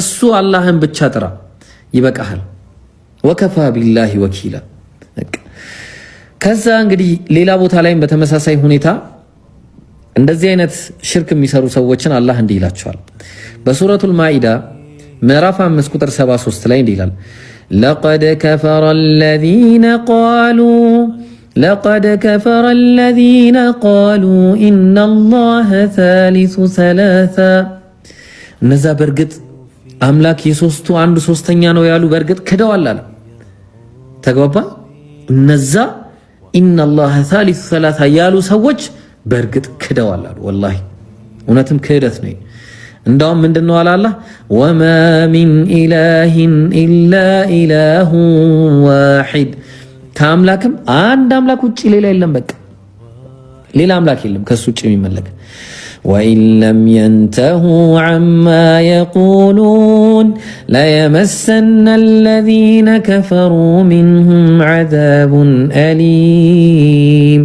እሱ አላህን ብቻ ጥራ፣ ይበቃሃል። ወከፋ ቢላሂ ወኪላ። ከዛ እንግዲህ ሌላ ቦታ ላይም በተመሳሳይ ሁኔታ እንደዚህ አይነት ሽርክ የሚሰሩ ሰዎችን አላህ እንዲህ ይላቸዋል በሱረቱል ማኢዳ ምዕራፍ 5 ቁጥር 73 ላይ እንዲህ ይላል لقد كفر الذين قالوا لقد كفر الذين قالوا إن الله ثالث ثلاثة እነዛ በእርግጥ አምላክ የሶስቱ አንዱ ሶስተኛ ነው ያሉ በእርግጥ ክደዋል አለ። ተግባባ። እነዛ ኢነላህ ሳሊሱ ሰላሳ ያሉ ሰዎች በእርግጥ ክደዋል አሉ። ወላሂ እውነትም ክህደት ነው። እንዳውም ምንድነው አላላ ወማ ሚን ኢላሂን ኢላ ኢላሁ ዋሂድ፣ ከአምላክም አንድ አምላክ ውጭ ሌላ የለም። በቃ ሌላ አምላክ የለም ከሱ ውጭ የሚመለክ وإن لم ينتهوا عما يقولون ليمسن الذين كفروا منهم عذاب أليم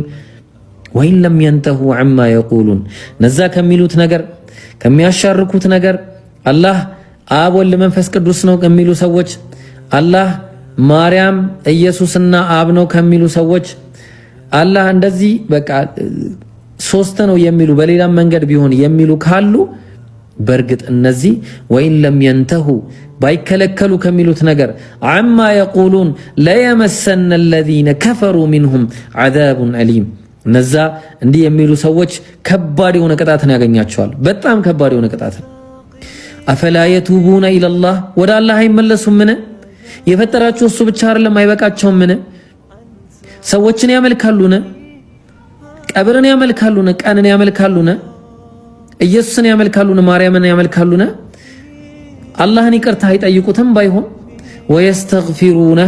ወይን ለም የንተሁ ዐማ የቁሉን ነዛ ከሚሉት ነገር ከሚያሻርኩት نجر الله አብ ወልድ መንፈስ ቅዱስ ነው ከሚሉ ሰዎች አላህ ማርያም ኢየሱስና አብ ነው ከሚሉ ሰዎች አላህ እንደዚህ በቃ ሶስት ነው የሚሉ በሌላም መንገድ ቢሆን የሚሉ ካሉ በእርግጥ እነዚህ ወይን ለም የንተሁ ባይከለከሉ ከሚሉት ነገር አማ የቁሉን ለየመሰነ አለዚነ ከፈሩ ሚንሁም ዓዛቡን አሊም እነዛ እንዲህ የሚሉ ሰዎች ከባድ የሆነ ቅጣትን ያገኛቸዋል። በጣም ከባድ የሆነ ቅጣትን። አፈላ የቱቡነ ኢለላህ ወደ አላህ አይመለሱም? ምን የፈጠራቸው እሱ ብቻ አይደለም አይበቃቸውም? ምን ሰዎችን ያመልካሉን? ቀብርን ያመልካሉን? ቀንን ያመልካሉን? ኢየሱስን ያመልካሉን? ማርያምን ያመልካሉን? አላህን ይቅርታ አይጠይቁትም። ባይሆን ወየስተግፊሩነ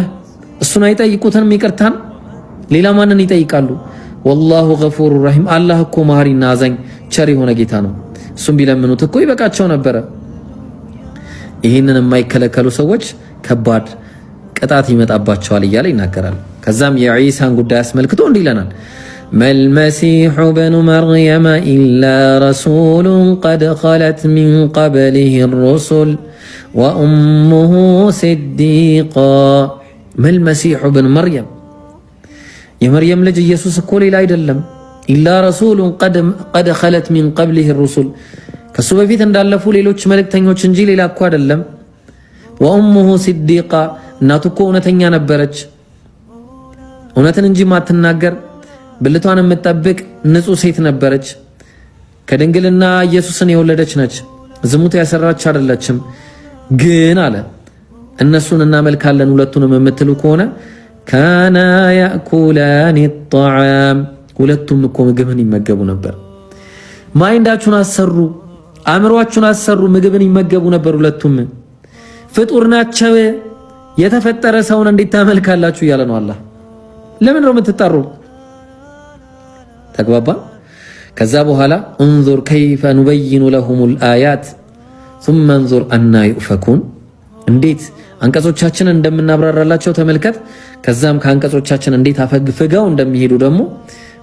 እሱን አይጠይቁትም ይቅርታን፣ ሌላ ማንን ይጠይቃሉ? ወላሁ ገፉሩ ረሂም አላህ እኮ መሐሪና አዛኝ ቸር የሆነ ጌታ ነው። እሱም ቢለምኑት እኮ ይበቃቸው ነበረ። ይህንን የማይከለከሉ ሰዎች ከባድ ቅጣት ይመጣባቸዋል እያለ ይናገራል። ከዛም የዒሳን ጉዳይ አስመልክቶ እንዲህ ይለናል ما المسيح ابن مريم إلا رسول قد خلت من قبله الرسل وأمه صديقا ما المسيح ابن مريم يا مريم لجي يسوس كولي لا يدلم إلا رسول قد قد خلت من قبله الرسل كسوبة في تندال فولي لو لوش ملك تنجو تنجيلي لا دلم وأمه صديقة ناتو كونة تنجي نبرج ونتنجي ما تنجر ብልቷን የምትጠብቅ ንጹህ ሴት ነበረች። ከድንግልና ኢየሱስን የወለደች ነች። ዝሙት ያሰራች አይደለችም። ግን አለ እነሱን እናመልካለን ሁለቱንም የምትሉ ከሆነ ካና ያእኩላኒ ጣዓም ሁለቱም እኮ ምግብን ይመገቡ ነበር። ማይንዳችሁን አሰሩ፣ አእምሯችሁን አሰሩ። ምግብን ይመገቡ ነበር። ሁለቱም ፍጡር ናቸው። የተፈጠረ ሰውን እንዴት ታመልካላችሁ እያለ ነው አላህ። ለምን ነው የምትጠሩ? ተግባባ። ከዛ በኋላ እንዙር ከይፈ ኑበይኑ ለሁሙል አያት ሱመ እንዙር አና ዩእፈኩን እንዴት አንቀጾቻችንን እንደምናብራራላቸው ተመልከት። ከዛም ከአንቀጾቻችን እንዴት አፈግፍገው እንደሚሄዱ ደግሞ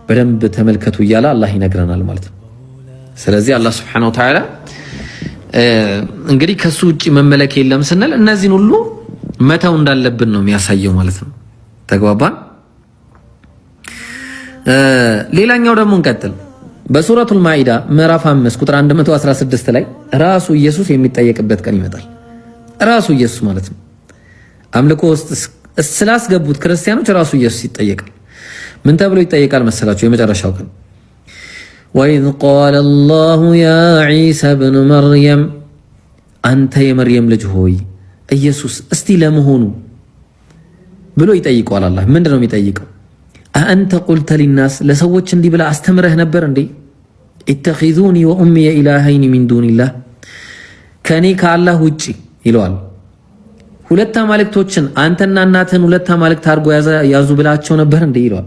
በደንብ ተመልከቱ እያለ አላህ ይነግረናል ማለት ነው። ስለዚህ አላህ ስብሐነሁ ወተዓላ እንግዲህ ከሱ ውጭ መመለክ የለም ስንል እነዚህን ሁሉ መተው እንዳለብን ነው የሚያሳየው ማለት ነው። ተግባባን። ሌላኛው ደግሞ እንቀጥል። በሱረቱል ማኢዳ ምዕራፍ 5 ቁጥር 116 ላይ ራሱ ኢየሱስ የሚጠየቅበት ቀን ይመጣል። ራሱ ኢየሱስ ማለት ነው። አምልኮ ውስጥ ስላስገቡት ክርስቲያኖች ራሱ ኢየሱስ ይጠየቃል። ምን ተብሎ ይጠየቃል መሰላችሁ? የመጨረሻው ቀን ወኢዝ ቃለ አላሁ ያ ዒሳ ብኑ መርየም፣ አንተ የመርየም ልጅ ሆይ ኢየሱስ እስቲ ለመሆኑ ብሎ ይጠይቀዋል። አላህ ነው የሚጠይቀው? አአንተ ቁልተ ሊናስ ለሰዎች እንዲህ ብላ አስተምረህ ነበር እንዴ? ኢተኺዙኒ ወኡሚየ ኢላሀይኒ ሚን ዱኒላህ ከእኔ ከአላህ ውጭ ይለዋል። ሁለት አማልክቶችን አንተና እናትህን ሁለት አማልክት አድርጎ ያዙ ብላቸው ነበር እንዴ? ይለዋል።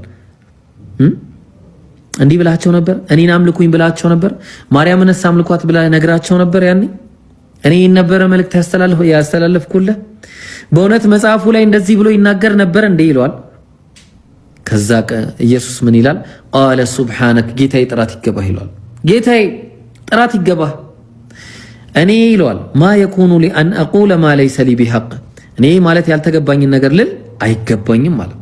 እንዲህ ብላቸው ነበር? እኔን አምልኩኝ ብላቸው ነበር? ማርያምንስ አምልኳት ብላ ነግራቸው ነበር? ያኔ እኔ ነበረ መልእክት ያስተላለፍኩልህ። በእውነት መጽሐፉ ላይ እንደዚህ ብሎ ይናገር ነበር እንዴ? ይለዋል ከዛ ኢየሱስ ምን ይላል? ቃለ ሱብሓነክ ጌታዬ ጥራት ይገባህ ይሏል። ጌታዬ ጥራት ይገባህ እኔ ይለዋል ማ የኩኑ ሊ አን አቁለ ማ ለይሰ ሊ ቢሐቅ እኔ ማለት ያልተገባኝን ነገር ልል አይገባኝም ማለት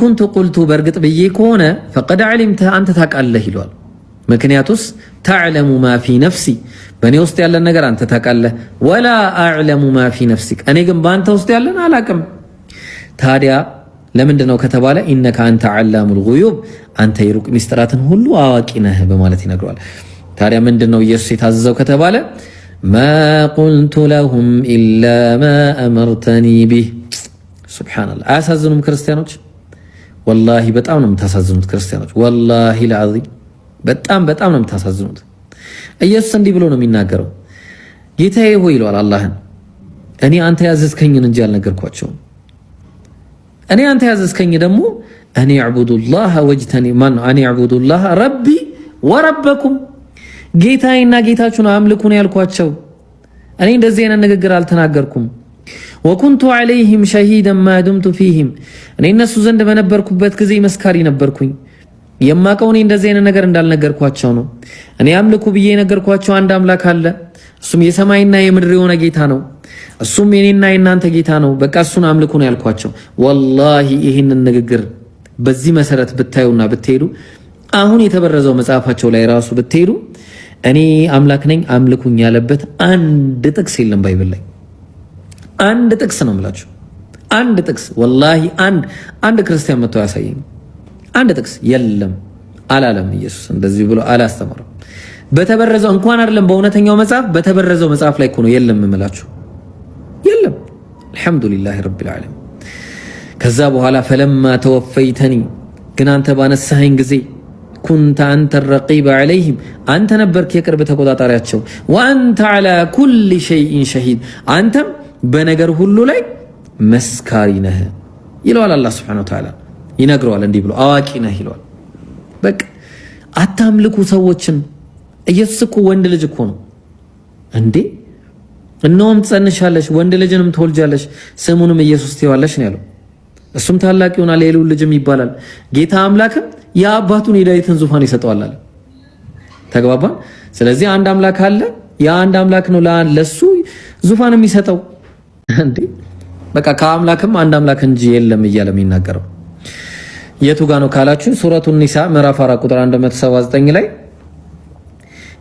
ኩንቱ ቁልቱ በእርግጥ ብዬ ከሆነ ፈቀድ ዓሊምተህ አንተ ታውቃለህ ይለዋል። ምክንያቱስ ተዕለሙ ማ ፊ ነፍሲ በእኔ ውስጥ ያለን ነገር አንተ ታውቃለህ፣ ወላ አዕለሙ ማ ፊ ነፍሲ እኔ ግን በአንተ ውስጥ ያለን አላቅም ታዲያ ለምንድን ነው ከተባለ ኢነከ አንተ ዓላሙል ጉዩብ አንተ የሩቅ ሚስጥራትን ሁሉ አዋቂ ነህ በማለት ይነግረዋል። ታዲያ ምንድን ነው ኢየሱስ የታዘዘው ከተባለ ማ ለሁም ኢላ ማ አመርተኒ ቢህ። ሱብሓነላህ አያሳዝኑም ክርስቲያኖች? ወላሂ በጣም ነው የምታሳዝኑት ክርስቲያኖች፣ ወላሂ ለዓዚም በጣም በጣም ነው የምታሳዝኑት። ኢየሱስ እንዲህ ብሎ ነው የሚናገረው፣ ጌታዬ ሆይ ይለዋል አላህን፣ እኔ አንተ ያዘዝከኝን እንጂ አልነገርኳቸውም እኔ አንተ ያዘዝከኝ ደግሞ አን ያዕቡዱላህ ወጅተኒ ማን አን ያዕቡዱላህ ረቢ ወረበኩም ጌታዬና ጌታችሁን አምልኩን ያልኳቸው። እኔ እንደዚህ አይነት ንግግር አልተናገርኩም። ወኩንቱ ዐለይሂም ሸሂደን ማዱምቱ ፊህም እኔ እነሱ ዘንድ በነበርኩበት ጊዜ መስካሪ ነበርኩኝ። የማቀው እኔ እንደዚህ አይነት ነገር እንዳልነገርኳቸው ነው። እኔ አምልኩ ብዬ የነገርኳቸው አንድ አምላክ አለ እሱም የሰማይና የምድር የሆነ ጌታ ነው። እሱም የኔና የናንተ ጌታ ነው። በቃ እሱን አምልኩ ነው ያልኳቸው። ወላሂ ይህንን ንግግር በዚህ መሰረት ብታዩና ብትሄዱ አሁን የተበረዘው መጽሐፋቸው ላይ ራሱ ብትሄዱ እኔ አምላክ ነኝ አምልኩኝ ያለበት አንድ ጥቅስ የለም። ባይብል ላይ አንድ ጥቅስ ነው የምላችሁ፣ አንድ ጥቅስ ወላሂ፣ አንድ አንድ ክርስቲያን መጥቶ ያሳየኝ። አንድ ጥቅስ የለም። አላለም። ኢየሱስ እንደዚህ ብሎ አላስተማረም። በተበረዘው እንኳን አይደለም በእውነተኛው መጽሐፍ በተበረዘው መጽሐፍ ላይ እኮ ነው የለም የምላችሁ የለም። አልሐምዱሊላህ ረቢል ዓለሚን። ከዛ በኋላ ፈለማ ተወፈይተኒ ግን አንተ ባነሳኸኝ ጊዜ ኩንተ አንተ ረቂበ ዓለይህም አንተ ነበርክ የቅርብ ተቆጣጣሪያቸው። ወአንተ ዓላ ኩል ሸይኢን ሸሂድ አንተም በነገር ሁሉ ላይ መስካሪ ነህ ይለዋል። አላህ ስብሐነሁ ወተዓላ ይነግረዋል እንዲህ ብሎ አዋቂ ነህ ይለዋል። በቃ አታምልኩ ሰዎችን ኢየሱስ እኮ ወንድ ልጅ እኮ ነው እንዴ! እነሆም ትጸንሻለሽ፣ ወንድ ልጅንም ትወልጃለሽ፣ ስሙንም ኢየሱስ ትይዋለሽ ነው ያለው። እሱም ታላቅ ይሆናል፣ የልዑል ልጅም ይባላል። ጌታ አምላክም የአባቱን የዳዊትን ዙፋን ይሰጠዋል አለ። ተግባባ። ስለዚህ አንድ አምላክ አለ። ያ አንድ አምላክ ነው ለሱ ዙፋን የሚሰጠው እንዴ! በቃ ከአምላክም አንድ አምላክ እንጂ የለም እያለ የሚናገረው የቱ ጋ ነው ካላችሁ ሱረቱ ኒሳ ምዕራፍ 4 ቁጥር 179 ላይ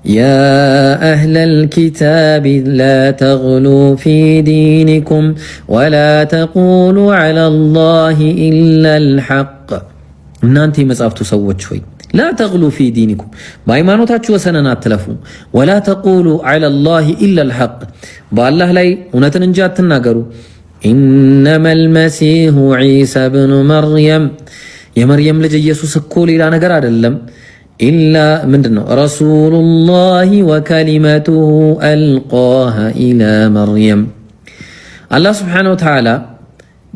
يا أهل الكتاب لا تغلوا في دينكم ولا تقولوا على الله إلا الحق نانتي مسافتو سوت شوي لا تغلوا في دينكم باي ما تاتشو سننا تلفو ولا تقولوا على الله إلا الحق بالله لي ونتن جاتنا إنما المسيح عيسى بن مريم يا مريم لجي يسوس كولي لا نقرار اللم ኢላ ምንድን ነው ረሱሉላሂ ወከሊመቱሁ አልቃሃ ኢላ መርየም። አላህ ስብሓነሁ ወተዓላ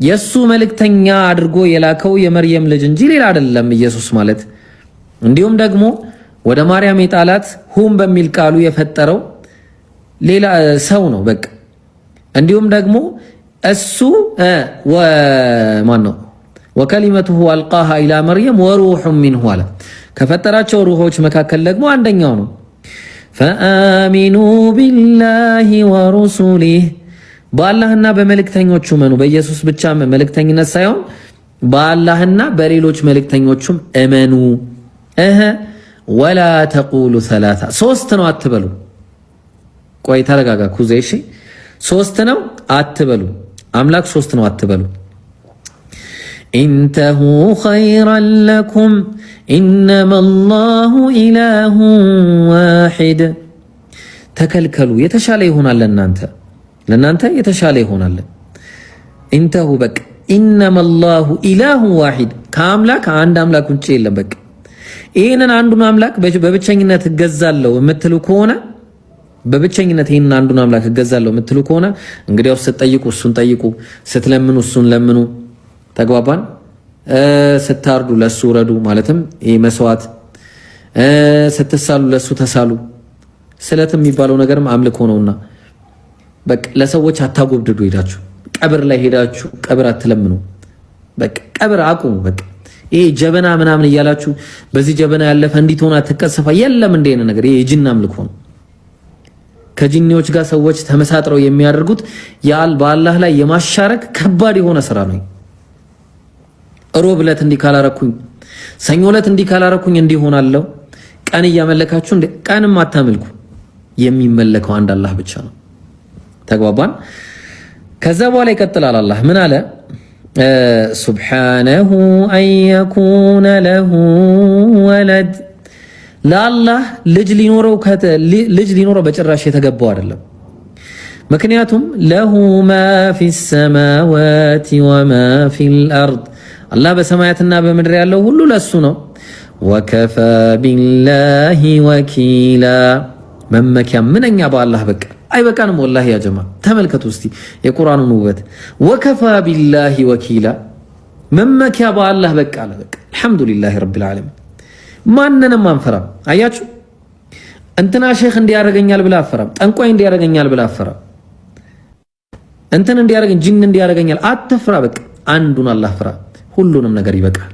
የእሱ መልእክተኛ አድርጎ የላከው የመርየም ልጅ እንጂ ሌላ አይደለም ኢየሱስ ማለት። እንዲሁም ደግሞ ወደ ማርያም የጣላት ሁም በሚል ቃሉ የፈጠረው ሌላ ሰው ነው በቃ። እንዲሁም ደግሞ እሱ ማን ነው ወከሊመቱሁ አልቃሃ ኢላ መርየም ወሩሑን ሚንሁ አለ ከፈጠራቸው ሩሆች መካከል ደግሞ አንደኛው ነው። ፈአሚኑ ቢላሂ ወሩሱሊህ በአላህና በመልእክተኞቹ እመኑ። በኢየሱስ ብቻ መልእክተኝነት ሳይሆን በአላህና በሌሎች መልእክተኞቹም እመኑ። እህ ወላ ተቁሉ ሰላሳ ሶስት ነው አትበሉ። ቆይ ተረጋጋ ኩዜ። እሺ ሶስት ነው አትበሉ። አምላክ ሶስት ነው አትበሉ። ኢንተሁ ኸይረን ለኩም ኢነማ አላሁ ኢላሁን ዋሒድ ተከልከሉ፣ የተሻለ ይሆናል ለእናንተ ለእናንተ የተሻለ ይሆናል። ኢንተሁ በቃ ኢነማ አላሁ ኢላሁን ዋሒድ ከአምላክ አንድ አምላክ ውጭ የለም። በቃ ይህንን አንዱን አምላክ በብቸኝነት እገዛለሁ የምትሉ ከሆነ በብቸኝነት ይህንን አንዱን አምላክ እገዛለሁ የምትሉ ከሆነ እንግዲያው ስትጠይቁ እሱን ጠይቁ፣ ስትለምኑ እሱን ለምኑ። ተግባባን። ስታርዱ ለሱ ረዱ፣ ማለትም ይህ መስዋዕት፣ ስትሳሉ ለሱ ተሳሉ። ስለት የሚባለው ነገርም አምልኮ ነውና በቃ ለሰዎች አታጎብድዱ። ሄዳችሁ ቀብር ላይ ሄዳችሁ ቀብር አትለምኑ። በቃ ቀብር አቁሙ። በቃ ይሄ ጀበና ምናምን እያላችሁ በዚህ ጀበና ያለፈ እንዲት ሆና ትቀሰፋ የለም። እንደ አይነት ነገር ይሄ የጅን አምልኮ ነው። ከጅኒዎች ጋር ሰዎች ተመሳጥረው የሚያደርጉት በአላህ ላይ የማሻረክ ከባድ የሆነ ስራ ነው። ሮብ ዕለት እንዲህ ካላረኩኝ፣ ሰኞ ዕለት እንዲህ ካላረኩኝ እንዲሆናለሁ። ቀን እያመለካችሁ ቀንም አታመልኩ። የሚመለከው አንድ አላህ ብቻ ነው። ተግባባን። ከዛ በኋላ ይቀጥላል። አላህ ምን አለ? ሱብሓነሁ አንየኩነ ለሁ ወለድ ለአላህ ልጅ ሊኖረው ልጅ ሊኖረው በጭራሽ የተገባው አይደለም። ምክንያቱም ለሁ ማ ፊ ሰማዋቲ ወማ ፊል አርድ አላህ በሰማያትና በምድር ያለው ሁሉ ለሱ ነው። ወከፋ ቢላሂ ወኪላ መመኪያ ምንኛ በአላህ በቃ አይበቃንም። ወላሂ ያጀማ ተመልከቱ እስቲ የቁርአኑን ውበት። ወከፋ ቢላሂ ወኪላ መመኪያ በአላህ በቃ አለ። በቃ አልሐምዱሊላሂ ረቢል ዓለሚን። ማንንም አንፈራም። አያችሁ እንትና ሼክ እንዲያደርገኛል ብላ አፈራም። ጠንቋይ እንዲያደርገኛል ብላ አፈራም። እንትን እንዲያደርገኝ ጂን እንዲያደርገኛል አትፍራ። በቃ አንዱን አላህ ፍራ። ሁሉንም ነገር ይበቃል።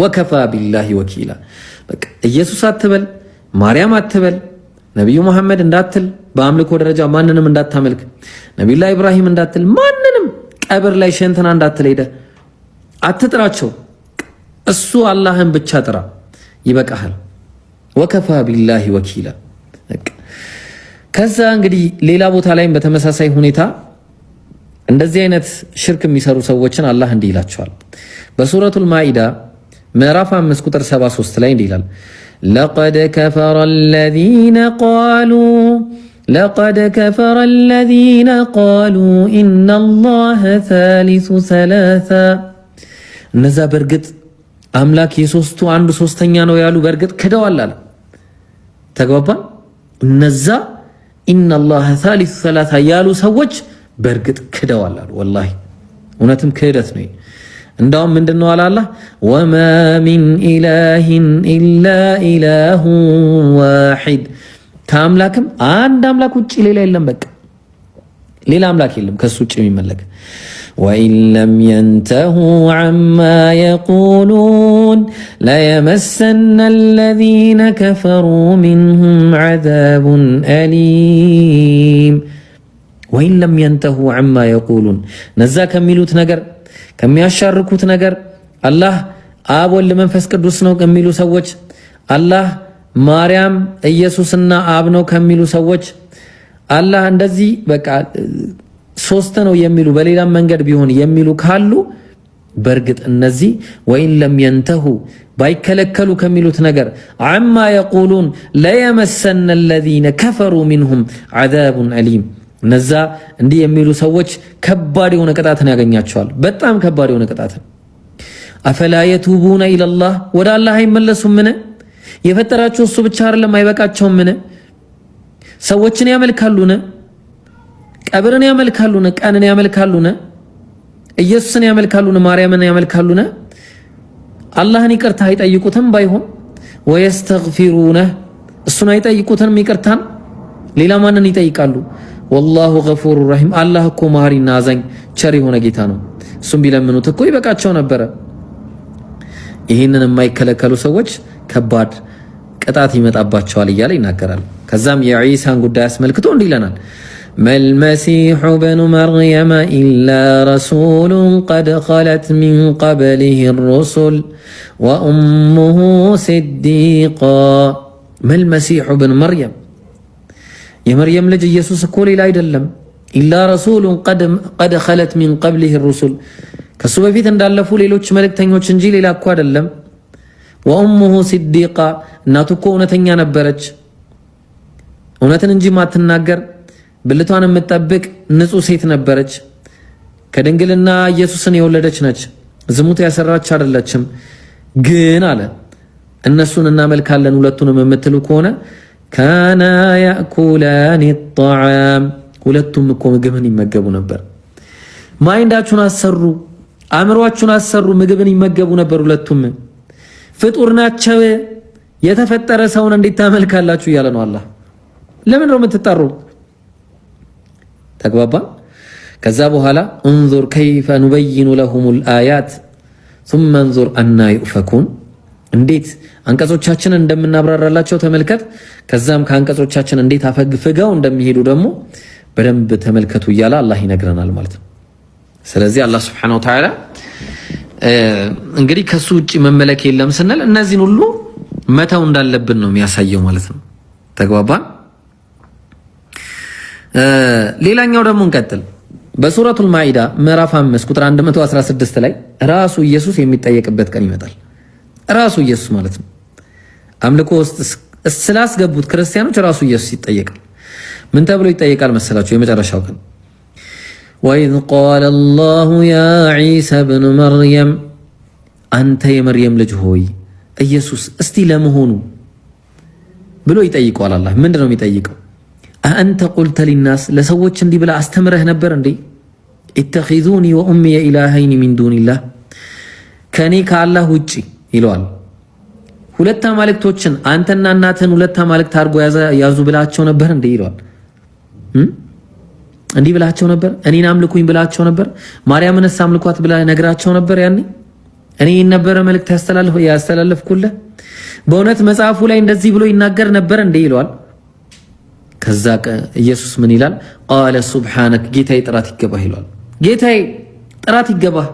ወከፋ ቢላሂ ወኪላ። በቃ ኢየሱስ አትበል፣ ማርያም አትበል፣ ነቢዩ መሐመድ እንዳትል፣ በአምልኮ ደረጃ ማንንም እንዳታመልክ፣ ነቢዩላ ኢብራሂም እንዳትል፣ ማንንም ቀብር ላይ ሸንተና እንዳትል፣ ሄደ አትጥራቸው። እሱ አላህን ብቻ ጥራ፣ ይበቃሃል። ወከፋ ቢላሂ ወኪላ። ከዛ እንግዲህ ሌላ ቦታ ላይም በተመሳሳይ ሁኔታ እንደዚህ አይነት ሽርክ የሚሰሩ ሰዎችን አላህ እንዲህ ይላቸዋል በሱረቱል ማኢዳ ምዕራፍ 5 ቁጥር 73 ላይ እንዲህ ይላል ለቀድ ከፈረ አለዚነ ቃሉ ለቀድ ከፈረ አለዚነ ቃሉ ኢነላህ ሳሊሱ ሰላሳ እነዛ በእርግጥ አምላክ የሶስቱ አንዱ ሶስተኛ ነው ያሉ በእርግጥ ክደዋል አለ ተግባባን እነዛ ኢነላህ ሳሊሱ ሰላሳ ያሉ ሰዎች በእርግጥ ክደዋል አሉ። ወላሂ እውነትም ክህደት ነው። እንዳውም ምንድነው አላላ ወማ ሚን ኢላሂን ኢላ ኢላሁ ዋሂድ ከአምላክም አንድ አምላክ ውጭ ሌላ የለም። በቃ ሌላ አምላክ የለም ከሱ ውጭ የሚመለክ ወኢን ለም የንተሁ ዐማ የቁሉን ለየመሰና አለዚነ ከፈሩ ሚንሁም ዐዛቡን አሊም ወይን ለም የንተሁ ዐማ የቁሉን ነዛ ከሚሉት ነገር ከሚያሻርኩት ነገር አላህ አብ ወልድ መንፈስ ቅዱስ ነው ከሚሉ ሰዎች አላህ ማርያም ኢየሱስና አብ ነው ከሚሉ ሰዎች አላህ እንደዚህ በቃ ሶስት ነው የሚሉ በሌላም መንገድ ቢሆን የሚሉ ካሉ በእርግጥ እነዚህ ወይን ለም የንተሁ ባይከለከሉ ከሚሉት ነገር አማ የቁሉን ለየመሰነ አለዚነ ከፈሩ ሚንሁም ዐዛቡን አሊም እነዛ እንዲህ የሚሉ ሰዎች ከባድ የሆነ ቅጣትን ያገኛቸዋል። በጣም ከባድ የሆነ ቅጣትን። አፈላ የቱቡነ ኢለላህ ወደ አላህ አይመለሱም? ምን የፈጠራቸው እሱ ብቻ አይደለም አይበቃቸውም? ምን ሰዎችን ያመልካሉነ፣ ቀብርን ያመልካሉነ፣ ቀንን ያመልካሉነ፣ ኢየሱስን ያመልካሉነ፣ ማርያምን ያመልካሉነ። አላህን ይቅርታ አይጠይቁትም? ባይሆን ወየስተግፊሩነ እሱን አይጠይቁትም ይቅርታን፣ ሌላ ማንን ይጠይቃሉ? ወላሁ ገፉሩ ረሂም አላህ እኮ መሀሪና አዛኝ ቸር የሆነ ጌታ ነው። እሱም ቢለምኑት እኮ ይበቃቸው ነበረ። ይህንን የማይከለከሉ ሰዎች ከባድ ቅጣት ይመጣባቸዋል እያለ ይናገራል። ከዛም የዒሳን ጉዳይ አስመልክቶ እንዲህ ይለናል። መልመሲሑ በኑ መርየመ ኢላ ረሱሉን ቀድ ኸለት ሚን ቀብሊህ ሩሱል ወኡሙሁ ስዲቃ መልመሲሑ በኑ መርየም የመርየም ልጅ ኢየሱስ እኮ ሌላ አይደለም፣ ኢላ ረሱሉን ቀድ ኸለት ሚን ቀብሊህ ሩሱል ከሱ በፊት እንዳለፉ ሌሎች መልእክተኞች እንጂ ሌላ እኮ አይደለም። ወኡሙሁ ሲዲቃ እናቱ እኮ እውነተኛ ነበረች፣ እውነትን እንጂ ማትናገር ብልቷን የምትጠብቅ ንጹሕ ሴት ነበረች። ከድንግልና ኢየሱስን የወለደች ነች፣ ዝሙት ያሰራች አይደለችም። ግን አለ እነሱን እናመልካለን ሁለቱንም የምትሉ ከሆነ ካና ያእኩላኒ ጣዓም ሁለቱም እኮ ምግብን ይመገቡ ነበር። ማይንዳችሁን አሰሩ፣ አእምሯችሁን አሰሩ። ምግብን ይመገቡ ነበር። ሁለቱም ፍጡር ናቸው። የተፈጠረ ሰውን እንዴት ታመልካላችሁ እያለ ነው አላህ። ለምን ነው የምትጠሩ? ተግባባ። ከዛ በኋላ እንዙር ከይፈ ኑበይኑ ለሁሙል አያት ሱመ እንዙር አና ዩእፈኩን እንዴት አንቀጾቻችንን እንደምናብራራላቸው ተመልከት። ከዛም ከአንቀጾቻችን እንዴት አፈግፍገው እንደሚሄዱ ደግሞ በደንብ ተመልከቱ እያለ አላህ ይነግረናል ማለት ነው። ስለዚህ አላህ ስብሐነሁ ወተዓላ እንግዲህ ከሱ ውጭ መመለክ የለም ስንል እነዚህን ሁሉ መተው እንዳለብን ነው የሚያሳየው ማለት ነው። ተግባባን። ሌላኛው ደግሞ እንቀጥል። በሱረቱል ማኢዳ ምዕራፍ 5 ቁጥር 116 ላይ ራሱ ኢየሱስ የሚጠየቅበት ቀን ይመጣል። ራሱ ኢየሱስ ማለት ነው። አምልኮ ውስጥ ስላስገቡት ክርስቲያኖች ራሱ ኢየሱስ ይጠየቃል። ምን ተብሎ ይጠየቃል መሰላችሁ? የመጨረሻው ቀን ወኢዝ ቃለ አላሁ ያ ዒሳ ብኑ መርየም፣ አንተ የመርየም ልጅ ሆይ ኢየሱስ እስቲ ለመሆኑ ብሎ ይጠይቀዋል። አላህ ነው የሚጠይቀው? አአንተ ቁልተ ሊናስ ለሰዎች እንዲህ ብላ አስተምረህ ነበር እንዴ? ኢተኺዙኒ ወኡሚየ ኢላሃይኒ ሚን ዱኒላህ ከኔ ከአላህ ውጭ? ይለዋል። ሁለት አማልክቶችን አንተና እናትህን ሁለት አማልክት አድርጎ ያዙ ብላቸው ነበር እንዴ? ይለዋል። እንዲህ ብላቸው ነበር፣ እኔን አምልኩኝ ብላቸው ነበር፣ ማርያምንስ አምልኳት ብላ ነግራቸው ነበር። ያኔ እኔ ነበረ መልእክት ያስተላለፍኩልህ። በእውነት መጽሐፉ ላይ እንደዚህ ብሎ ይናገር ነበር እንዴ? ይለዋል። ከዛ ኢየሱስ ምን ይላል? ቃለ ሱብሓነክ ጌታዬ ጥራት ይገባህ ይለዋል። ጌታዬ ጥራት ይገባህ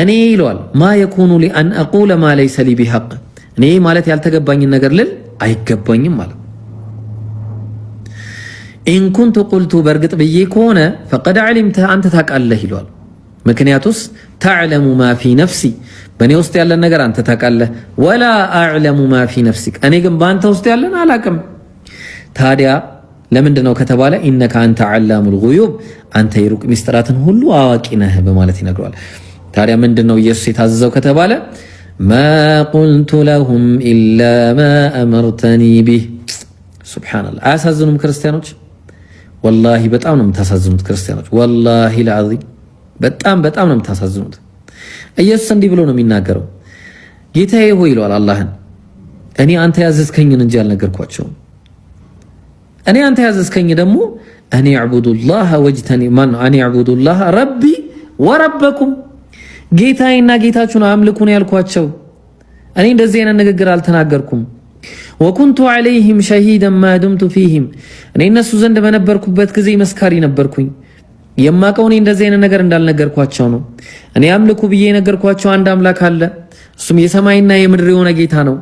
እኔ ይለዋል ማ የኩኑ ሊ አን አቁለ ማ ለይሰ ሊ ቢሐቅ እኔ ማለት ያልተገባኝን ነገር ልል አይገባኝም ማለት ኢን ኩንቱ ቁልቱ በእርግጥ ብዬ ከሆነ ፈቀድ ዓሊምተህ አንተ ታውቃለህ ይለዋል። ምክንያቱስ ተዕለሙ ማ ፊ ነፍሲ በእኔ ውስጥ ያለን ነገር አንተ ታውቃለህ፣ ወላ አዕለሙ ማ ፊ ነፍሲክ እኔ ግን በአንተ ውስጥ ያለን አላቅም። ታዲያ ለምንድን ነው ከተባለ ኢነከ አንተ ዓላሙል ጉዩብ አንተ የሩቅ ሚስጥራትን ሁሉ አዋቂ ነህ በማለት ይነግረዋል። ታዲያ ምንድን ነው ኢየሱስ የታዘዘው ከተባለ ማ ቁልቱ ለሁም ኢላ ማ አመርተኒ ቢህ። ሱብሓነላህ አያሳዝኑም? ክርስቲያኖች ወላሂ በጣም ነው የምታሳዝኑት። ክርስቲያኖች ወላሂ ልዓዚም በጣም በጣም ነው የምታሳዝኑት። ኢየሱስ እንዲህ ብሎ ነው የሚናገረው፣ ጌታዬ ሆይ ይለዋል አላህን፣ እኔ አንተ ያዘዝከኝን እንጂ አልነገርኳቸውም። እኔ አንተ ያዘዝከኝ ደግሞ እኔ አዕቡዱላህ ወጅተኒ ማን እኔ አዕቡዱላህ ረቢ ወረበኩም ጌታዬና ጌታችሁን አምልኩን ያልኳቸው እኔ እንደዚህ አይነት ንግግር አልተናገርኩም። ወኩንቱ ዓለይህም ሸሂደን ማዱምቱ ፊህም እኔ እነሱ ዘንድ በነበርኩበት ጊዜ መስካሪ ነበርኩኝ። የማቀው እኔ እንደዚህ አይነት ነገር እንዳልነገርኳቸው ነው። እኔ አምልኩ ብዬ የነገርኳቸው አንድ አምላክ አለ። እሱም የሰማይና የምድር የሆነ ጌታ ነው።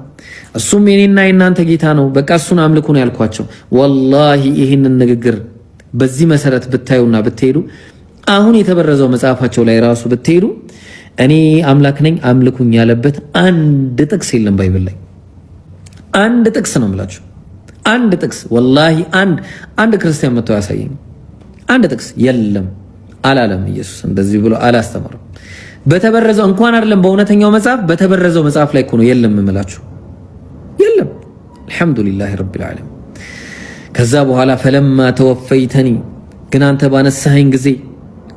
እሱም የኔና የእናንተ ጌታ ነው። በቃ እሱን አምልኩ ነው ያልኳቸው። ወላሂ ይህንን ንግግር በዚህ መሰረት ብታዩና ብትሄዱ አሁን የተበረዘው መጽሐፋቸው ላይ ራሱ ብትሄዱ እኔ አምላክ ነኝ አምልኩኝ ያለበት አንድ ጥቅስ የለም ባይብል ላይ። አንድ ጥቅስ ነው የምላችሁ፣ አንድ ጥቅስ ወላሂ፣ አንድ አንድ ክርስቲያን መጥቶ ያሳየኝ። አንድ ጥቅስ የለም አላለም። ኢየሱስ እንደዚህ ብሎ አላስተማርም። በተበረዘው እንኳን አይደለም በእውነተኛው መጽሐፍ፣ በተበረዘው መጽሐፍ ላይ እኮ ነው የለም የምላችሁ፣ የለም። አልሐምዱሊላህ ረቢል ዓለሚን። ከዛ በኋላ ፈለማ ተወፈይተኒ ግን አንተ ባነሳኸኝ ጊዜ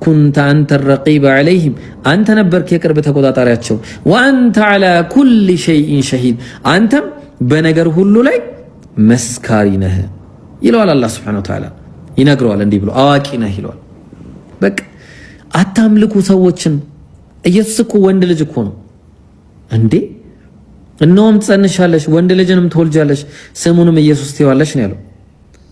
ኩንተ አንተ ረቂበ ዓለይህም አንተ ነበርክ የቅርብ ተቆጣጣሪያቸው። ወአንተ ዓላ ኩል ሸይኢን ሸሂድ አንተም በነገር ሁሉ ላይ መስካሪ ነህ ይለዋል። አላህ ስብሐነሁ ወተዓላ ይነግረዋል፣ እንዲህ ብሎ አዋቂ ነህ ይለዋል። በቃ አታምልኩ ሰዎችን። ኢየሱስ እኮ ወንድ ልጅ እኮ ነው እንዴ! እነሆም ትጸንሻለሽ፣ ወንድ ልጅንም ትወልጃለሽ፣ ስሙንም ኢየሱስ ትይዋለሽ ነው ያለው።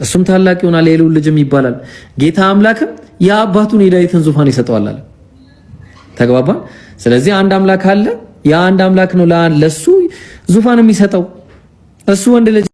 እሱም ታላቅ ይሆናል፣ የልዑል ልጅም ይባላል። ጌታ አምላክም የአባቱን የዳዊትን ዙፋን ይሰጠዋል አለ። ተግባባን። ስለዚህ አንድ አምላክ አለ። ያ አንድ አምላክ ነው ለሱ ዙፋን የሚሰጠው እሱ ወንድ ልጅ